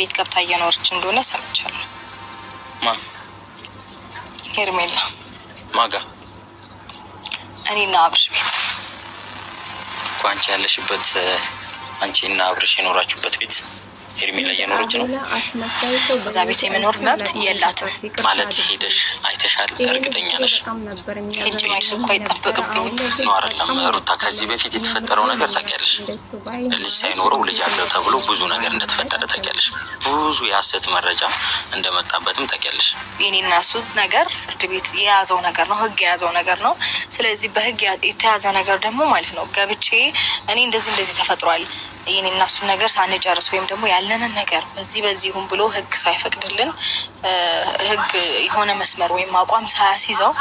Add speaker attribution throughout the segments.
Speaker 1: ቤት ገብታ እየኖረች እንደሆነ ሰምቻለሁ። ማ ሄርሜላ ማጋ እኔና አብርሽ ቤት
Speaker 2: እኮ አንቺ ያለሽበት አንቺና አብርሽ የኖራችሁበት ቤት ሄርሜላ እየኖረች ነው።
Speaker 1: እዛ ቤት የመኖር መብት የላትም
Speaker 2: ማለት ሄደሽ አይተሻል፣ እርግጠኛ ነሽ?
Speaker 1: እጅ ማለት እኮ አይጠበቅብኝም
Speaker 2: ነው አይደለም? ሩታ ከዚህ በፊት የተፈጠረው ነገር ታውቂያለሽ። ልጅ ሳይኖረው ልጅ አለው ተብሎ ብዙ ነገር እንደተፈጠረ ታውቂያለሽ። ብዙ የሀሰት መረጃ እንደመጣበትም ታውቂያለሽ።
Speaker 1: የኔና እሱ ነገር ፍርድ ቤት የያዘው ነገር ነው፣ ህግ የያዘው ነገር ነው። ስለዚህ በህግ የተያዘ ነገር ደግሞ ማለት ነው ገብቼ እኔ እንደዚህ እንደዚህ ተፈጥሯል ይህን እናሱን ነገር ሳንጨርስ ወይም ደግሞ ያለንን ነገር በዚህ በዚሁም ብሎ ህግ ሳይፈቅድልን ህግ የሆነ መስመር ወይም አቋም ሳያስይዘው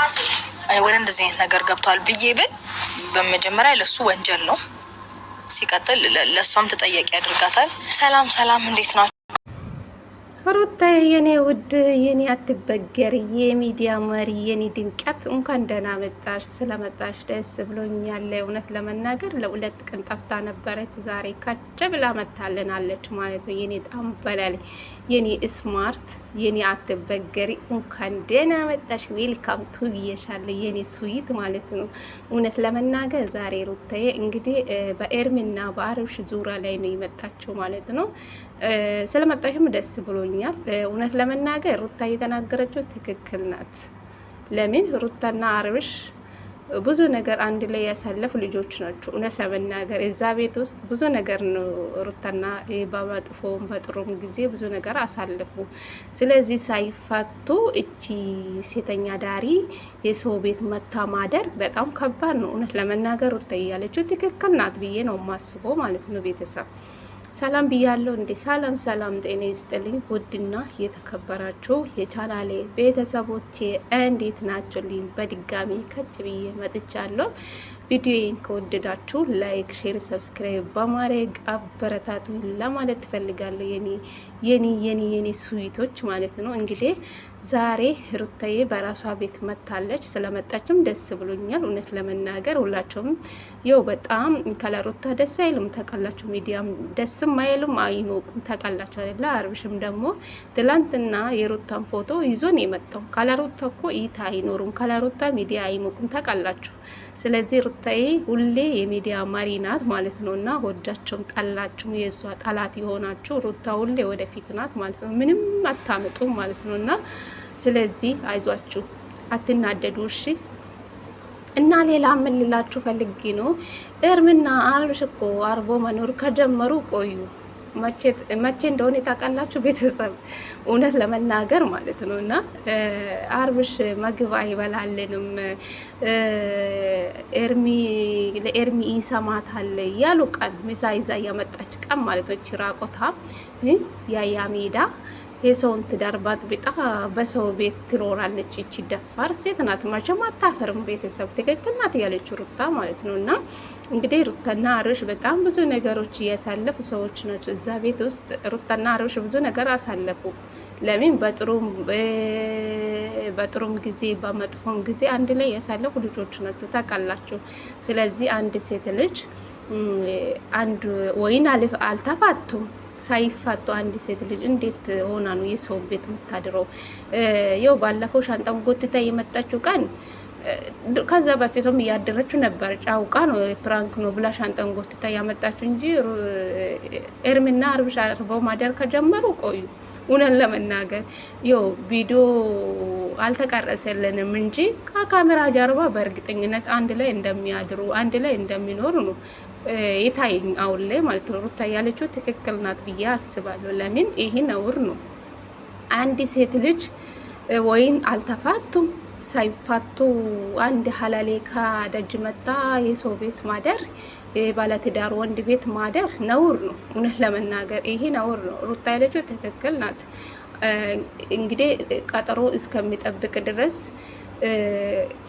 Speaker 1: ወደ እንደዚህ አይነት ነገር ገብቷል ብዬ ብን በመጀመሪያ ለሱ ወንጀል ነው። ሲቀጥል ለእሷም ተጠያቂ ያደርጋታል። ሰላም ሰላም፣ እንዴት ናቸው?
Speaker 3: ሩታ የኔ ውድ የኔ አትበገር የሚዲያ መሪ የኔ ድምቀት እንኳን ደህና መጣሽ። ስለመጣሽ ደስ ብሎኛል። እውነት ለመናገር ለሁለት ቀን ጠፍታ ነበረች። ዛሬ ካቸ ብላ መታለናለች ማለት ነው። የኔ ጣምበላል፣ የኔ ስማርት፣ የኔ አትበገሪ እንኳን ደህና መጣሽ። ዌልካም ቱ ብዬሻለ የኔ ስዊት ማለት ነው። እውነት ለመናገር ዛሬ ሩታዬ እንግዲህ በኤርሚና በአብርሽ ዙራ ላይ ነው የመጣችው ማለት ነው። ስለመጣሽም ደስ ብሎኛል። ይመስለኛል። እውነት ለመናገር ሩታ እየተናገረችው ትክክል ናት። ለምን ሩታና አብርሽ ብዙ ነገር አንድ ላይ ያሳለፉ ልጆች ናቸው። እውነት ለመናገር እዛ ቤት ውስጥ ብዙ ነገር ነው። ሩታና በመጥፎም በጥሩም ጊዜ ብዙ ነገር አሳለፉ። ስለዚህ ሳይፋቱ እቺ ሴተኛ ዳሪ የሰው ቤት መታ ማደር በጣም ከባድ ነው። እውነት ለመናገር ሩታ እያለችው ትክክል ናት ብዬ ነው ማስቦ ማለት ነው ቤተሰብ ሰላም ብያለሁ እንዴ! ሰላም ሰላም፣ ጤና ይስጥልኝ። ውድና የተከበራችሁ የቻናሌ ቤተሰቦቼ እንዴት ናችሁልኝ? በድጋሚ ከች ብዬ መጥቻለሁ። ቪዲዮዬን ከወደዳችሁ ላይክ፣ ሼር፣ ሰብስክራይብ በማድረግ አበረታቱኝ ለማለት ትፈልጋለሁ። የኔ የኔ የኔ የኔ ስዊቶች ማለት ነው እንግዲህ ዛሬ ሩታዬ በራሷ ቤት መታለች። ስለመጣችም ደስ ብሎኛል። እውነት ለመናገር ሁላቸውም የው በጣም ከለሩታ ደስ አይልም። ተቃላቸው ሚዲያም ደስም አይልም፣ አይሞቁም። ተቃላቸው አይደለ። አብርሽም ደግሞ ትላንትና የሩታን ፎቶ ይዞን የመጣው ከለሩታ እኮ ይታ አይኖሩም። ከለሩታ ሚዲያ አይሞቁም። ተቃላችሁ ስለዚህ ሩታዬ ሁሌ የሚዲያ መሪ ናት ማለት ነው እና ወዳቸውም ጠላችሁም የእሷ ጠላት የሆናችሁ ሩታ ሁሌ ወደፊት ናት ማለት ነው። ምንም አታምጡም ማለት ነው እና ስለዚህ አይዟችሁ፣ አትናደዱ እሺ። እና ሌላ ምን ልላችሁ ፈልጌ ነው እርምና አብርሽ እኮ አርቦ መኖር ከጀመሩ ቆዩ መቼ እንደሆነ የታውቃላችሁ ቤተሰብ እውነት ለመናገር ማለት ነው። እና አብርሽ ምግብ አይበላልንም ኤርሚ ለኤርሚ ይሰማታል እያሉ ቀን ምሳ ይዛ እያመጣች ቀን ማለት ነው። ራቆታ ያያ ሜዳ የሰውን ትዳር ባጥብጣ በሰው ቤት ትኖራለች። ይቺ ደፋር ሴት ናት። መቼም አታፈርም። ቤተሰብ ትክክል ናት ያለች ሩታ ማለት ነው እና እንግዲህ ሩታና አብርሽ በጣም ብዙ ነገሮች እያሳለፉ ሰዎች ናቸው። እዛ ቤት ውስጥ ሩታና አብርሽ ብዙ ነገር አሳለፉ። ለምን በጥሩም ጊዜ በመጥፎም ጊዜ አንድ ላይ ያሳለፉ ልጆች ናቸው ታውቃላችሁ። ስለዚህ አንድ ሴት ልጅ አንድ ወይን አልተፋቱም። ሳይፋቱ አንድ ሴት ልጅ እንዴት ሆና ነው የሰው ቤት የምታድረው? ይኸው ባለፈው ሻንጣን ጎትታ የመጣችው ቀን ከዛ በፊትም እያደረችው ነበር። ጫውቃ ነው ፕራንክ ነው ብላ ሻንጠን ጎትታ ያመጣችው እንጂ እርምና አርብሻ አርበው ማደር ከጀመሩ ቆዩ። እውነን ለመናገር ይኸው ቪዲዮ አልተቀረሰልንም እንጂ ከካሜራ ጀርባ በእርግጠኝነት አንድ ላይ እንደሚያድሩ አንድ ላይ እንደሚኖሩ ነው የታየኝ አሁን ላይ ማለት ነው። ሩታ ያለችው ትክክል ናት ብዬ አስባለሁ። ለምን ይህ ነውር ነው አንድ ሴት ልጅ ወይን አልተፋቱም። ሳይፋቱ አንድ ሀላሌ ከደጅ መጣ የሰው ቤት ማደር ባለትዳር ወንድ ቤት ማደር ነውር ነው። እውነት ለመናገር ይሄ ነውር ነው። ሩታ ያለችው ትክክል ናት። እንግዲህ ቀጠሮ እስከሚጠብቅ ድረስ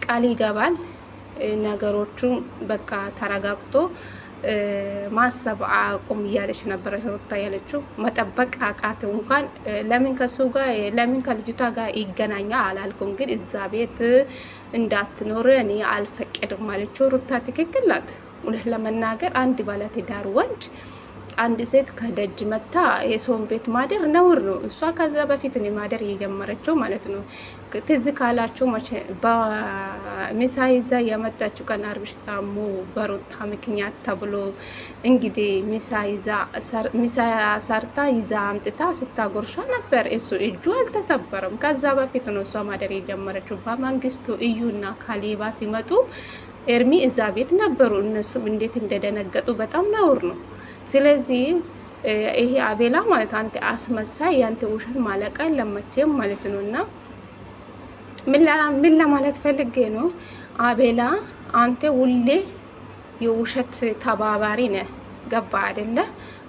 Speaker 3: ቃል ይገባል። ነገሮቹ በቃ ተረጋግቶ ማሰብ አቁም እያለች ነበረ ሩታ ያለችው። መጠበቅ አቃተው እንኳን ለምን ከሱ ጋር ለምን ከልጅቷ ጋር ይገናኛ አላልኩም፣ ግን እዛ ቤት እንዳትኖር እኔ አልፈቀድም አለችው። ሩታ ትክክል ናት። እውነት ለመናገር አንድ ባለትዳር ወንድ አንድ ሴት ከደጅ መታ የሰውን ቤት ማደር ነውር ነው። እሷ ከዛ በፊት ነው ማደር እየጀመረችው ማለት ነው። ትዝ ካላችሁ በምሳ ይዛ የመጣችው ቀን አብርሽ ታሞ በሩታ ምክንያት ተብሎ እንግዲህ ምሳ ሰርታ ይዛ አምጥታ ስታጎርሻ ነበር። እሱ እጁ አልተሰበረም። ከዛ በፊት ነው እሷ ማደር የጀመረችው። በመንግስቱ እዩና ካሌባ ሲመጡ ኤርሚ እዛ ቤት ነበሩ። እነሱም እንዴት እንደደነገጡ በጣም ነውር ነው። ስለዚህ ይሄ አቤላ ማለት አንተ አስመሳይ ያንተ ውሸት ማለቃ ለመቼም ማለት ነው። እና ምን ለማለት ፈልጌ ነው? አቤላ አንተ ሁሌ የውሸት ተባባሪ ነህ። ገባ አይደለ?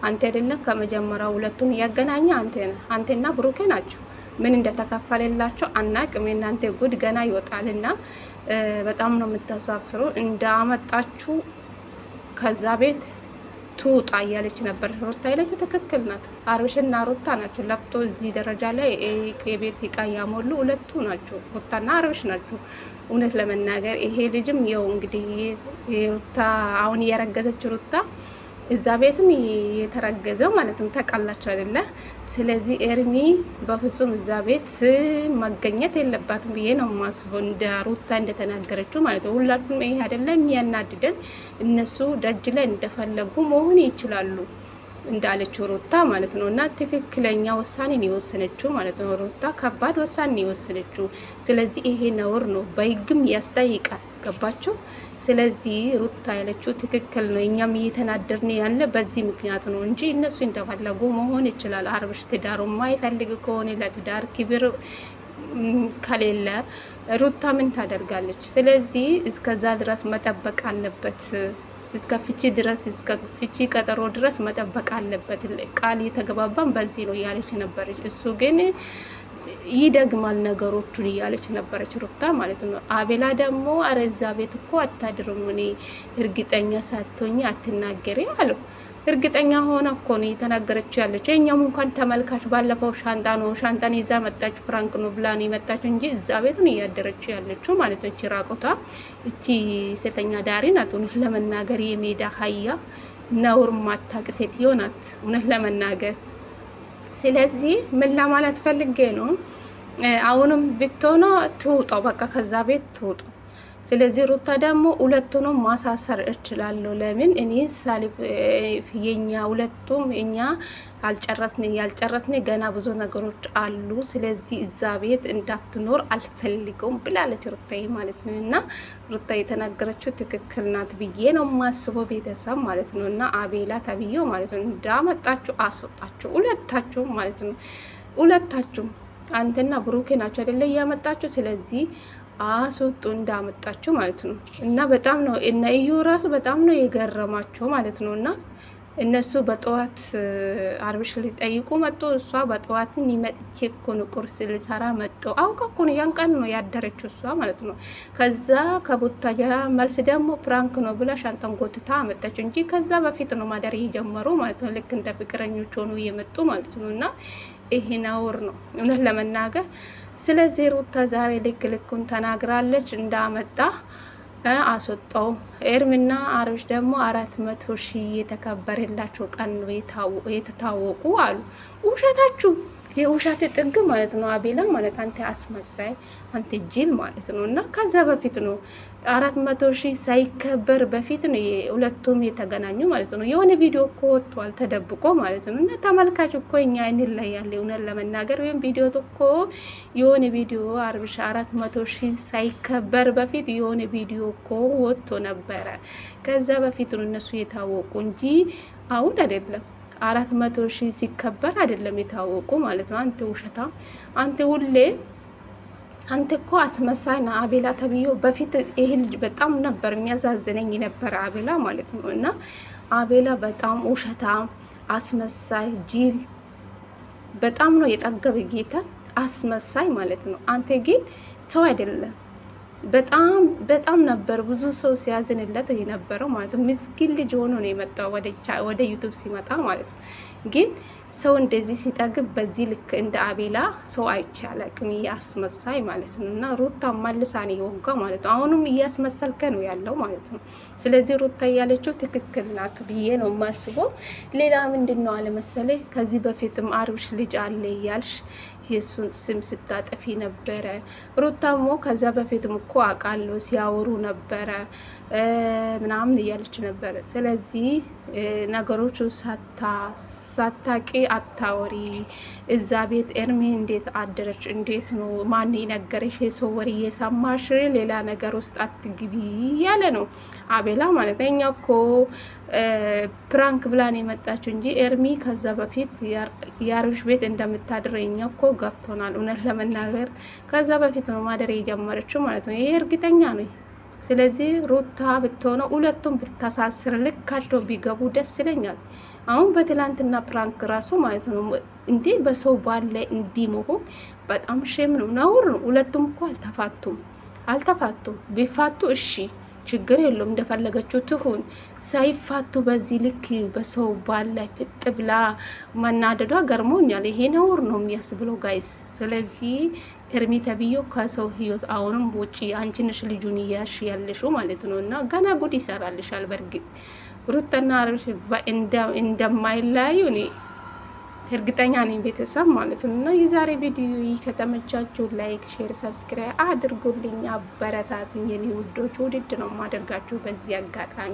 Speaker 3: አንተ አይደለም ከመጀመሪያው ሁለቱን እያገናኘ አንተ ነህ። አንተና ብሩኬ ናቸው። ምን እንደተከፈለላቸው አናቅም። የእናንተ ጉድ ገና ይወጣልና በጣም ነው የምታሳፍሩ። እንዳመጣችሁ ከዛ ቤት ትውጣ እያለች ነበር። ሩታ ይለች ትክክል ናት። አብርሽና ሩታ ናቸው ለፍቶ እዚህ ደረጃ ላይ የቤት እቃ ያሞሉ ሁለቱ ናቸው፣ ሩታና አብርሽ ናቸው። እውነት ለመናገር ይሄ ልጅም የው እንግዲህ ሩታ አሁን እያረገዘች ሩታ እዛ ቤትም የተረገዘው ማለትም ተቃላቸው አይደለ? ስለዚህ ኤርሚ በፍጹም እዛ ቤት መገኘት የለባትም ብዬ ነው ማስቦ እንደ ሩታ እንደተናገረችው ማለት ነው። ሁላችሁም ይሄ አይደለ የሚያናድደን፣ እነሱ ደጅ ላይ እንደፈለጉ መሆን ይችላሉ እንዳለችው ሩታ ማለት ነው። እና ትክክለኛ ውሳኔን የወሰነችው ማለት ነው። ሩታ ከባድ ውሳኔን የወሰነችው ስለዚህ ይሄ ነውር ነው፣ በህግም ያስጠይቃል። ገባቸው። ስለዚህ ሩታ ያለችው ትክክል ነው። እኛም እየተናደርን ያለ በዚህ ምክንያት ነው እንጂ እነሱ እንደፈለጉ መሆን ይችላል። አብርሽ ትዳሩ የማይፈልግ ከሆነ ለትዳር ክብር ከሌለ ሩታ ምን ታደርጋለች? ስለዚህ እስከዛ ድረስ መጠበቅ አለበት። እስከ ፍቺ ድረስ እስከ ፍቺ ቀጠሮ ድረስ መጠበቅ አለበት። ቃል የተገባባን በዚህ ነው ያለች ነበረች። እሱ ግን ይደግማል ነገሮቹን እያለች ነበረች ሩታ ማለት ነው። አቤላ ደግሞ አረ እዛ ቤት እኮ አታድርም፣ እኔ እርግጠኛ ሳትሆኝ አትናገሪ አለ። እርግጠኛ ሆነ እኮ ነው የተናገረች ያለች። እኛም እንኳን ተመልካች ባለፈው ሻንጣ ነው ሻንጣን ይዛ መጣች፣ ፍራንክ ነው ብላ ነው የመጣች እንጂ እዛ ቤት ነው እያደረች ያለችው ማለት ነው። ራቆቷ እቺ ሴተኛ ዳሪ ናት ለመናገር የሜዳ ሀያ ነውር ማታቅ ሴትዮ ናት እውነት ለመናገር ስለዚህ ምን ለማለት ፈልጌ ነው፣ አሁንም ብትሆኖ ትውጦ፣ በቃ ከዛ ቤት ትውጡ። ስለዚህ ሩታ ደግሞ ሁለቱንም ማሳሰር እችላለሁ። ለምን እኔ ሳሊፍ የኛ ሁለቱም እኛ አልጨረስን ያልጨረስን ገና ብዙ ነገሮች አሉ። ስለዚህ እዛ ቤት እንዳትኖር አልፈልገውም ብላለች ሩታዬ ማለት ነው። እና ሩታ የተናገረችው ትክክል ናት ብዬ ነው የማስበው ቤተሰብ ማለት ነው። እና አቤላ ተብዬው ማለት ነው እንዳመጣችሁ አስወጣችሁ ሁለታችሁም ማለት ነው። ሁለታችሁም አንተና ብሩኬ ናቸው አይደለ እያመጣችሁ ስለዚህ አስወጡ እንዳመጣችሁ ማለት ነው። እና በጣም ነው እና እዩ ራሱ በጣም ነው የገረማቸው ማለት ነው። እና እነሱ በጠዋት አብርሽ ሊጠይቁ መጡ። እሷ በጠዋት መጥቼ እኮ ነው ቁርስ ልሰራ መጡ። አውቃ እኮ ነው ያን ቀን ነው ያደረችው እሷ ማለት ነው። ከዛ ከቡታጀራ መልስ ደግሞ ፕራንክ ነው ብላ ሻንጣን ጎትታ አመጣችው እንጂ ከዛ በፊት ነው ማደር እየጀመሩ ማለት ነው። ልክ እንደ ፍቅረኞች ሆኑ እየመጡ ማለት ነው። እና ይሄን አውር ነው እውነት ለመናገር ስለዚህ ሩታ ዛሬ ልክ ልኩን ተናግራለች። እንዳመጣ አስወጣው። ኤርሚና አብርሽ ደግሞ አራት መቶ ሺህ የተከበረላቸው ቀን የተታወቁ አሉ። ውሸታችሁ የውሸት ጥግ ማለት ነው። አቤላ ማለት አንተ አስመሳይ፣ አንተ ጅል ማለት ነው። እና ከዛ በፊት ነው አራት መቶ ሺህ ሳይከበር በፊት ነው ሁለቱም የተገናኙ ማለት ነው። የሆነ ቪዲዮ እኮ ወጥቷል ተደብቆ ማለት ነው። እና ተመልካች እኮ እኛ አይንን ላይ ያለ እውነት ለመናገር ወይም ቪዲዮ እኮ የሆነ ቪዲዮ አርብሻ አራት መቶ ሺህ ሳይከበር በፊት የሆነ ቪዲዮ እኮ ወጥቶ ነበረ። ከዛ በፊት ነው እነሱ የታወቁ እንጂ አሁን አይደለም። አራት መቶ ሺህ ሲከበር አይደለም የታወቁ ማለት ነው። አንተ ውሸታ አንተ ሁሌ አንተ እኮ አስመሳይ ና አቤላ ተብዮ በፊት ይህ ልጅ በጣም ነበር የሚያዛዝነኝ የነበረ አቤላ ማለት ነው። እና አቤላ በጣም ውሸታም፣ አስመሳይ፣ ጅል በጣም ነው የጠገበ ጌታ አስመሳይ ማለት ነው። አንተ ግን ሰው አይደለም። በጣም በጣም ነበር ብዙ ሰው ሲያዝንለት የነበረው ማለት ነው። ምስኪን ልጅ ሆኖ ነው የመጣው ወደ ዩቱብ ሲመጣ ማለት ነው። ግን ሰው እንደዚህ ሲጠግብ በዚህ ልክ እንደ አቤላ ሰው አይቻለቅም። እያስመሳይ ማለት ነው። እና ሩታ ማልሳኔ የወጋ ማለት ነው። አሁንም እያስመሰልከ ነው ያለው ማለት ነው። ስለዚህ ሩታ እያለችው ትክክል ናት ብዬ ነው ማስቦ። ሌላ ምንድን ነው አለመሰለ ከዚህ በፊትም አብርሽ ልጅ አለ እያልሽ የሱን ስም ስታጠፊ ነበረ። ሩታ ሞ ከዛ በፊትም እኮ አውቃለሁ ሲያወሩ ነበረ ምናምን እያለች ነበረ። ስለዚህ ነገሮቹ ሳታ ሳታቂ አታወሪ። እዛ ቤት ኤርሚ እንዴት አደረች? እንዴት ነው? ማን የነገረሽ? የሰው ወሬ እየሰማሽ ሌላ ነገር ውስጥ አትግቢ እያለ ነው አቤላ ማለት ነው። እኛ እኮ ፕራንክ ብላን የመጣችው እንጂ ኤርሚ ከዛ በፊት የአብርሽ ቤት እንደምታድር እኛ እኮ ገብቶናል። እውነት ለመናገር ከዛ በፊት ነው ማደር የጀመረችው ማለት ነው። ይሄ እርግጠኛ ነው። ስለዚህ ሩታ ብትሆነው ሁለቱም ብታሳስር ልካቸው ቢገቡ ደስ ይለኛል። አሁን በትላንትና ፕራንክ ራሱ ማለት ነው እንዴ በሰው ባል ላይ እንዲህ መሆን በጣም ሼም ነው፣ ነውር ነው። ሁለቱም እኮ አልተፋቱም አልተፋቱም። ቢፋቱ እሺ ችግር የለውም እንደፈለገችው ትሁን። ሳይፋቱ በዚህ ልክ በሰው ባል ላይ ፍጥ ብላ መናደዷ ገርሞኛል። ይሄ ነውር ነው የሚያስብለው ጋይስ። ስለዚህ እርሚ ተብዮ ከሰው ህይወት አሁንም ውጪ አንቺ ነሽ ልጁን እያሽ ያለሽው ማለት ነው። እና ገና ጉድ ይሰራልሻል በእርግጥ ሩታና አብርሽ እንደማይለያዩ እኔ እርግጠኛ ነኝ። ቤተሰብ ማለት ነው እና የዛሬ ቪዲዮ ከተመቻችሁ ላይክ፣ ሼር፣ ሰብስክራይብ አድርጉልኝ፣ አበረታቱኝ የኔ ውዶች። ውድድ ነው ማደርጋችሁ በዚህ አጋጣሚ